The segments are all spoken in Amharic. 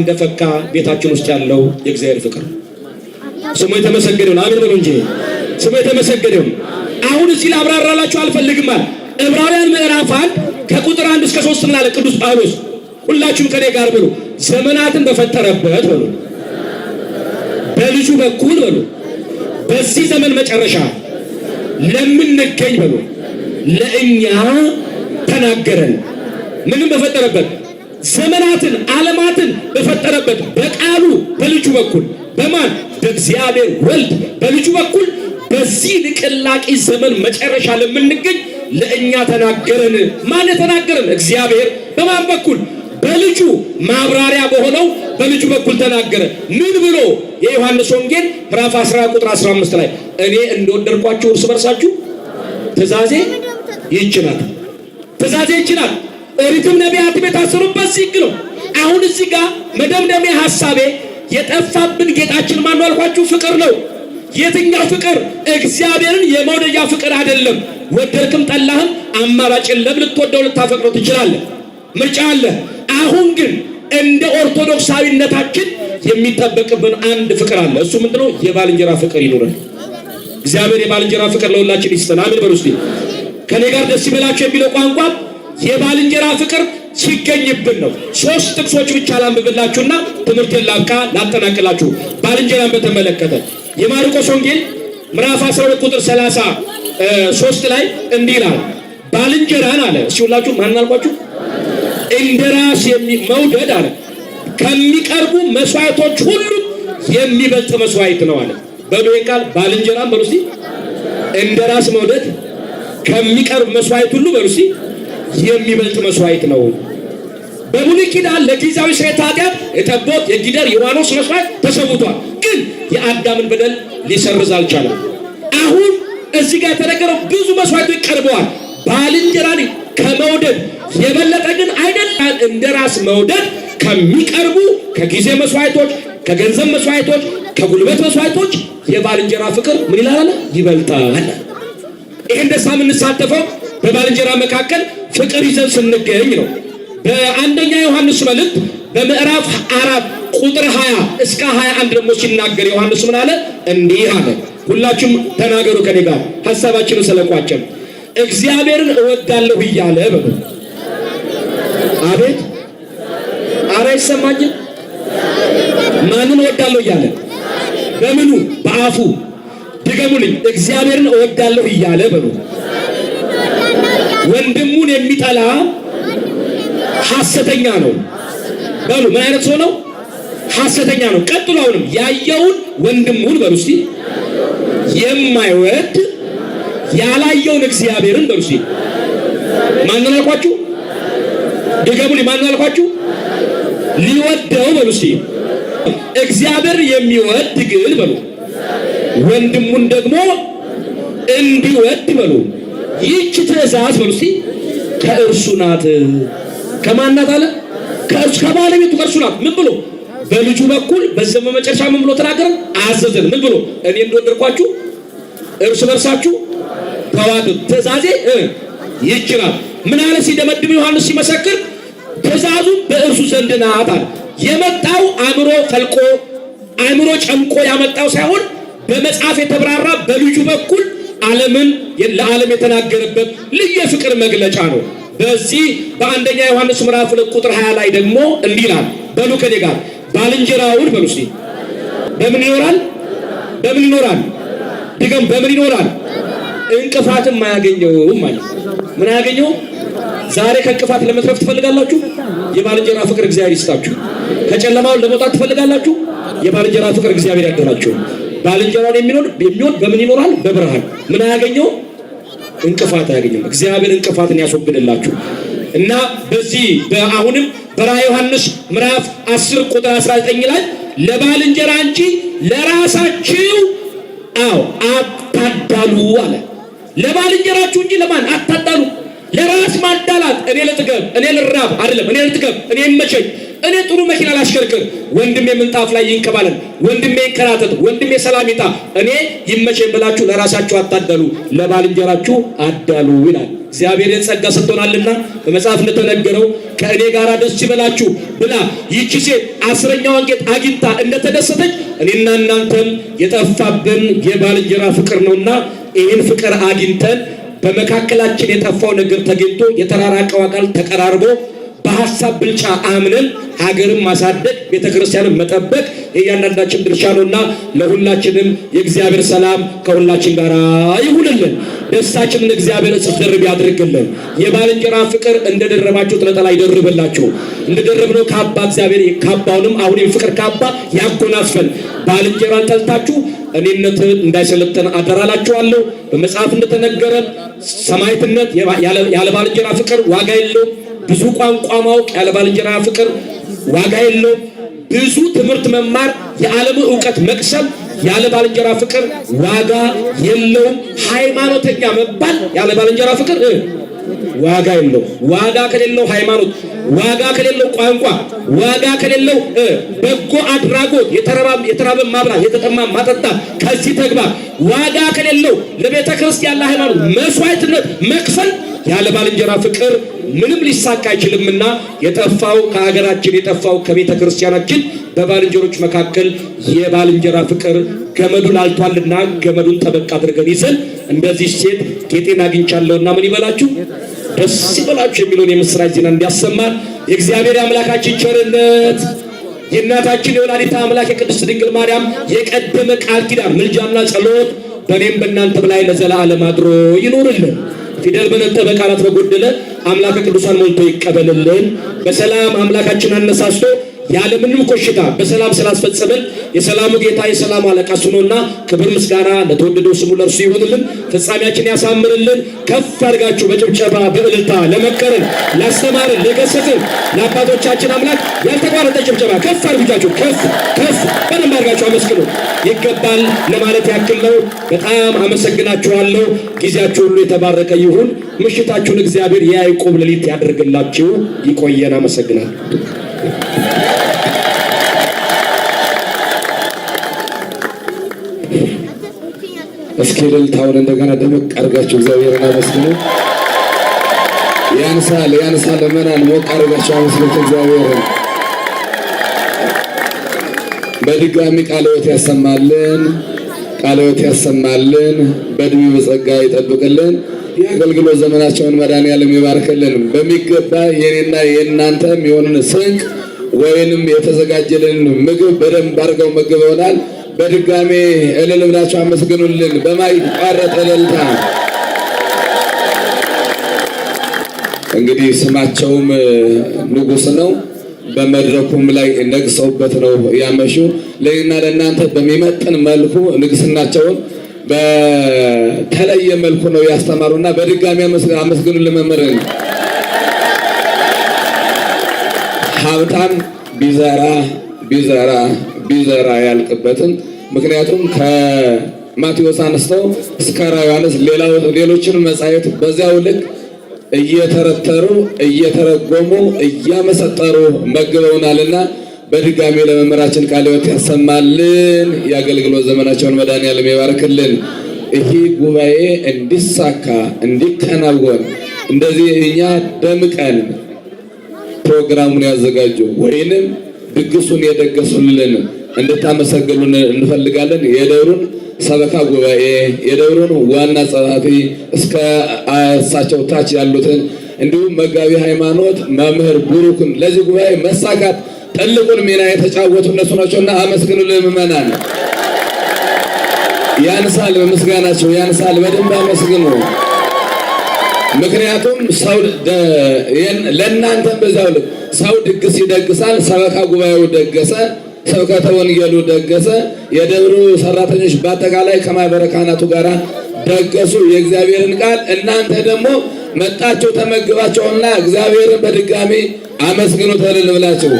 እንደፈካ ቤታችን ውስጥ ያለው የእግዚአብሔር ፍቅር ስሙ የተመሰገደውን አሜን በሉ እንጂ ስሙ የተመሰገደውን። አሁን እዚህ ላብራራላችሁ አልፈልግም። ዕብራውያን ምዕራፍ አንድ ከቁጥር አንድ እስከ ሶስት ምናለ ቅዱስ ጳውሎስ ሁላችሁም ከኔ ጋር ብሉ። ዘመናትን በፈጠረበት በሉ በልጁ በኩል በሉ በዚህ ዘመን መጨረሻ ለምንገኝ በሉ ለእኛ ተናገረን። ምንም በፈጠረበት ዘመናትን ዓለማትን በፈጠረበት በቃሉ በልጁ በኩል በማን በእግዚአብሔር ወልድ በልጁ በኩል በዚህ ንቅላቂ ዘመን መጨረሻ ለምንገኝ ለእኛ ተናገረን። ማን ተናገረን? እግዚአብሔር። በማን በኩል? በልጁ ማብራሪያ በሆነው በልጁ በኩል ተናገረ። ምን ብሎ? የዮሐንስ ወንጌል ምዕራፍ 10 ቁጥር 15 ላይ እኔ እንደወደድኳችሁ እርስ በርሳችሁ ትእዛዜ ይችናል። ትእዛዜ ይችናል። ኦሪትም ነቢያትም የታሰ ነው። አሁን እዚህ ጋር መደምደሚያ ሐሳቤ የጠፋብን ጌጣችን ማን አልኳችሁ? ፍቅር ነው። የትኛው ፍቅር? እግዚአብሔርን የመውደጃ ፍቅር አይደለም። ወደድክም ጠላህም አማራጭ የለም። ልትወደው ልታፈቅረው ትችላለህ፣ ምርጫ አለ። አሁን ግን እንደ ኦርቶዶክሳዊነታችን የሚጠበቅብን አንድ ፍቅር አለ። እሱ ነው? የባልንጀራ ፍቅር ይኑረን። እግዚአብሔር የባልንጀራ ፍቅር ለሁላችን ይስጠን። አሜን በሉ እስቲ። ከኔ ጋር ደስ ይበላችሁ የሚለው ቋንቋ የባልንጀራ ፍቅር ሲገኝብን ነው። ሶስት ጥቅሶች ብቻ ላንብብላችሁና ትምህርት ላብቃ ላጠናቅላችሁ። ባልንጀራን በተመለከተ የማርቆስ ወንጌል ምዕራፍ 12 ቁጥር 33 ላይ እንዲህ ይላል፣ ባልንጀራን አለ ሲውላችሁ ማን አልኳችሁ? እንደ ራስ መውደድ አለ ከሚቀርቡ መስዋዕቶች ሁሉ የሚበልጥ መስዋዕት ነው አለ። በዶይ ቃል ባልንጀራን በሩሲ እስቲ እንደ ራስ መውደድ ከሚቀርብ መስዋዕት ሁሉ በሩሲ የሚበልጥ መስዋዕት ነው። በብሉይ ኪዳን ለጊዜያዊ ሴት ኃጢአት የጠቦት የጊደር የዋኖስ መስዋዕት ተሰውቷል፣ ግን የአዳምን በደል ሊሰርዝ አልቻለም። አሁን እዚህ ጋር የተነገረው ብዙ መስዋዕቶች ቀርበዋል። ባልንጀራን ከመውደድ የበለጠ ግን አይደለም። እንደ ራስ መውደድ ከሚቀርቡ ከጊዜ መስዋዕቶች፣ ከገንዘብ መስዋዕቶች፣ ከጉልበት መስዋዕቶች የባልንጀራ ፍቅር ምን ይላል? ይበልጣል። ይህን ደስታ የምንሳተፈው በባልንጀራ መካከል ፍቅር ይዘን ስንገኝ ነው። በአንደኛ ዮሐንስ መልእክት በምዕራፍ አራት ቁጥር 20 እስከ 21 ደግሞ ሲናገር ዮሐንስ ምን አለ? እንዲህ አለ። ሁላችሁም ተናገሩ ከኔ ጋር ሐሳባችሁን ስለቋጨም እግዚአብሔርን እወዳለሁ እያለ በሉ። አቤት አረ ይሰማኝ? ማንን እወዳለሁ እያለ በምኑ? በአፉ ድገሙልኝ። እግዚአብሔርን እወዳለሁ እያለ በሉ ወንድሙን የሚጠላ ሐሰተኛ ነው። በሉ ምን አይነት ሰው ነው? ሐሰተኛ ነው። ቀጥሎ አሁንም ያየውን ወንድሙን በሉ እስቲ የማይወድ ያላየውን እግዚአብሔርን በሉ እስቲ ማንን አልኳችሁ? ድገሙልኝ። ማንን አልኳችሁ? ሊወደው በሉ እስቲ እግዚአብሔር የሚወድ ግን በሉ ወንድሙን ደግሞ እንዲወድ በሉ ይህች ትእዛዝ በሉ እስኪ ከእርሱ ናት። ከማናት አለ ከእርሱ ከባለቤቱ ከእርሱ ናት። ምን ብሎ በልጁ በኩል በዘመን መጨረሻ ምን ብሎ ተናገረ? አዘዘን። ምን ብሎ እኔ እንደወደድኳችሁ እርስ በርሳችሁ ተዋዱ። ትእዛዜ ይህች ናት። ምን አለ ሲደመድም ዮሐንስ ሲመሰክር ትእዛዙም በእርሱ ዘንድ ናት አለ። የመጣው አእምሮ ፈልቆ አእምሮ ጨምቆ ያመጣው ሳይሆን በመጽሐፍ የተብራራ በልጁ በኩል ዓለምን ለዓለም የተናገረበት ልዩ የፍቅር መግለጫ ነው። በዚህ በአንደኛ ዮሐንስ ምዕራፍ ሁለት ቁጥር 20 ላይ ደግሞ እንዲህ ይላል፣ በሉ ከኔ ጋር ባልንጀራውን በሉ እስኪ። በምን ይኖራል? በምን ይኖራል? ድገም። በምን ይኖራል? እንቅፋትም አያገኘውም ማለት ምን አያገኘውም? ዛሬ ከእንቅፋት ለመትረፍ ትፈልጋላችሁ? የባልንጀራ ፍቅር እግዚአብሔር ይስጣችሁ። ከጨለማው ለመውጣት ትፈልጋላችሁ? የባልንጀራ ፍቅር እግዚአብሔር ያደራችሁ። ባልንጀራውን የሚኖር የሚሆን በምን ይኖራል? በብርሃን ምን አያገኘው? እንቅፋት አያገኘው። እግዚአብሔር እንቅፋትን ያስወግድላችሁ እና በዚህ በአሁንም በራ ዮሐንስ ምዕራፍ 10 ቁጥር 19 ላይ ለባልንጀራ እንጂ ለራሳችሁ አዎ አታዳሉ አለ። ለባልንጀራችሁ እንጂ ለማን አታዳሉ? ለራስ ማዳላት እኔ ልጥገብ፣ እኔ ልራብ አይደለም፣ እኔ ልጥገብ፣ እኔ መቸኝ እኔ ጥሩ መኪና ላሽከርክር፣ ወንድሜ ምንጣፍ ላይ ይንከባለል፣ ወንድሜ ይንከራተት፣ ወንድሜ ሰላም ይጣ፣ እኔ ይመቼን ብላችሁ ለራሳችሁ አታደሉ፣ ለባልንጀራችሁ አዳሉ ይላል። እግዚአብሔርን ጸጋ ሰጥቶናልና በመጽሐፍ እንደተነገረው ከእኔ ጋር ደስ ይበላችሁ ብላ ይቺ ሴት አስረኛዋን ጌጥ አግኝታ እንደተደሰተች እኔና እናንተም የጠፋብን የባልንጀራ ፍቅር ነውና ይህን ፍቅር አግኝተን በመካከላችን የጠፋው ነገር ተገኝቶ የተራራቀው አካል ተቀራርቦ በሀሳብ ብልጫ አምነን ሀገርን ማሳደግ ቤተክርስቲያንን መጠበቅ የእያንዳንዳችን ድርሻ ነውና ለሁላችንም የእግዚአብሔር ሰላም ከሁላችን ጋር ይሁንልን። ደስታችንን እግዚአብሔር እጽፍ ድርብ ያድርግልን። የባልንጀራ ፍቅር እንደደረባችሁት ነጠላ ይደርብላችሁ። እንደደረብነው ካባ እግዚአብሔር ካባውንም አሁን ፍቅር ካባ ያጎናፈን። ባልንጀራን ጠልታችሁ እኔነት እንዳይሰለጥን አደራላችኋለሁ። በመጽሐፍ እንደተነገረ ሰማዕትነት ያለ ባልንጀራ ፍቅር ዋጋ የለውም። ብዙ ቋንቋ ማወቅ ያለ ባልንጀራ ፍቅር ዋጋ የለውም። ብዙ ትምህርት መማር የዓለም እውቀት መቅሰም ያለ ባልንጀራ ፍቅር ዋጋ የለውም። ሃይማኖተኛ መባል ያለ ባልንጀራ ፍቅር ዋጋ የለው። ዋጋ ከሌለው ሃይማኖት፣ ዋጋ ከሌለው ቋንቋ፣ ዋጋ ከሌለው በጎ አድራጎት፣ የተራበ ማብላት፣ የተጠማ ማጠጣ፣ ከዚህ ተግባር ዋጋ ከሌለው ለቤተ ክርስቲያን ለሃይማኖት መስዋዕትነት መክፈል ያለ ባልንጀራ ፍቅር ምንም ሊሳካ አይችልምና የጠፋው ከሀገራችን የጠፋው ከቤተ ክርስቲያናችን በባልንጀሮች መካከል የባልንጀራ ፍቅር ገመዱን አልቷልና ገመዱን ጠበቅ አድርገን ይዘን እንደዚህ ሴት ጌጤን አግኝቻለሁና ምን ይበላችሁ ደስ ይበላችሁ የሚለውን የምስራች ዜና እንዲያሰማል የእግዚአብሔር አምላካችን ቸርነት የእናታችን የወላዲታ አምላክ የቅድስት ድንግል ማርያም የቀደመ ቃል ኪዳን ምልጃና ጸሎት በእኔም በእናንተም ላይ ለዘላለም አድሮ ይኖርልን። ፊደል በሌለ በቃላት በጎደለ አምላከ ቅዱሳን ሞልቶ ይቀበልልን። በሰላም አምላካችን አነሳስቶ ያለምንም ኮሽታ በሰላም ስላስፈጸመን የሰላሙ ጌታ የሰላሙ አለቃ ስኖና ክብር ምስጋና ለተወደደው ስሙ ለእርሱ ይሁንልን። ፍጻሜያችን ያሳምርልን። ከፍ አድርጋችሁ በጭብጨባ በእልልታ ለመከረን ላስተማርን፣ ለገሰትን ለአባቶቻችን አምላክ ያልተቋረጠ ጭብጨባ ከፍ አድርጋችሁ ከፍ ከፍ በደንብ አድርጋችሁ አመስግኑ። ይገባል ለማለት ያክል ነው። በጣም አመሰግናችኋለሁ። ጊዜያችሁ ሁሉ የተባረከ ይሁን። ምሽታችሁን እግዚአብሔር የያዕቆብ ሌሊት ያደርግላችሁ። ይቆየን። አመሰግናለሁ። እስኪ እልልታውን እንደገና ደመቅ አድርጋችሁ እግዚአብሔርን አመስግኑ። ያንሳል ያንሳል። ለመናን ሞቅ አድርጋችሁ አመስግኑት እግዚአብሔርን። በድጋሚ ቃልዎት ያሰማልን፣ ቃልዎት ያሰማልን፣ በእድሜ በጸጋ ይጠብቅልን፣ የአገልግሎት ዘመናቸውን መድኃኔዓለም ይባርክልን። በሚገባ የኔና የእናንተ የሚሆንን ስንቅ ወይንም የተዘጋጀልን ምግብ በደንብ አድርገው መግበውናል። በድጋሜ እልል ብላችሁ አመስግኑልን በማይቋረጥ እልልታ። እንግዲህ ስማቸውም ንጉስ ነው። በመድረኩም ላይ ነግሰውበት ነው ያመሹ። ለእኔና ለእናንተ በሚመጥን መልኩ ንግስናቸውን በተለየ መልኩ ነው ያስተማሩና በድጋሚ አመስግኑ ለመምህርን። ሀብታም ቢዘራ ቢዘራ ቢዘራ ያልቅበትን ምክንያቱም ከማቴዎስ አንስተው እስከ ራዮሐንስ ሌሎችን መጻሕፍት በዚያው ልክ እየተረተሩ እየተረጎሙ እያመሰጠሩ መግበውናልና በድጋሚ ለመምህራችን ቃለ ሕይወት ያሰማልን። የአገልግሎት ዘመናቸውን መድኃኔዓለም ይባርክልን። ይህ ጉባኤ እንዲሳካ እንዲከናወን እንደዚህ እኛ ደምቀን ፕሮግራሙን ያዘጋጁ ወይንም ድግሱን የደገሱልን እንድታመሰግኑን እንፈልጋለን የደሩን ሰበካ ጉባኤ የደብሩን ዋና ጸሐፊ እስከ እሳቸው ታች ያሉትን እንዲሁም መጋቢ ሃይማኖት መምህር ብሩክን ለዚህ ጉባኤ መሳካት ትልቁን ሚና የተጫወቱ እነሱ ናቸውና አመስግኑ። ልምመናን ያንሳል፣ በምስጋናቸው ያንሳል። በደንብ አመስግኑ። ምክንያቱም ሰው ለእናንተም በዛው ሰው ድግስ ይደግሳል። ሰበካ ጉባኤው ደገሰ። ስብከተ ወንጌሉ ደገሰ። የደብሩ ሰራተኞች በአጠቃላይ ከማኅበረ ካህናቱ ጋር ደገሱ የእግዚአብሔርን ቃል። እናንተ ደግሞ መጣችሁ ተመግባቸውና እግዚአብሔርን በድጋሚ አመስግኑ ተልል ብላችሁ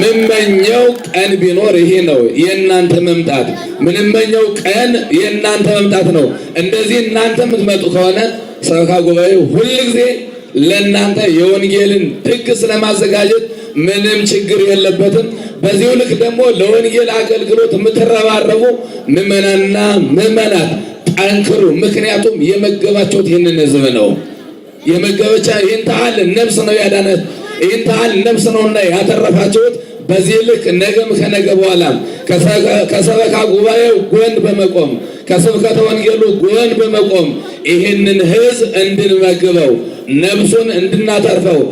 ምመኘው ቀን ቢኖር ይሄ ነው የእናንተ መምጣት። ምንመኘው ቀን የእናንተ መምጣት ነው። እንደዚህ እናንተ የምትመጡ ከሆነ ሰበካ ጉባኤ ሁልጊዜ ለእናንተ የወንጌልን ድግስ ለማዘጋጀት ምንም ችግር የለበትም። በዚሁ ልክ ደግሞ ለወንጌል አገልግሎት የምትረባረቡ ምዕመናንና ምዕመናት ጠንክሩ። ምክንያቱም የመገባችሁት ይህንን ህዝብ ነው። የመገበቻ ይህን ታህል ነብስ ነው ያዳነ ይህን ታህል ነብስ ነውና ያተረፋችሁት። በዚህ ልክ ነገም ከነገ በኋላ ከሰበካ ጉባኤው ጎን በመቆም ከስብከተ ወንጌሉ ጎን በመቆም ይህንን ህዝብ እንድንመግበው ነብሱን እንድናተርፈው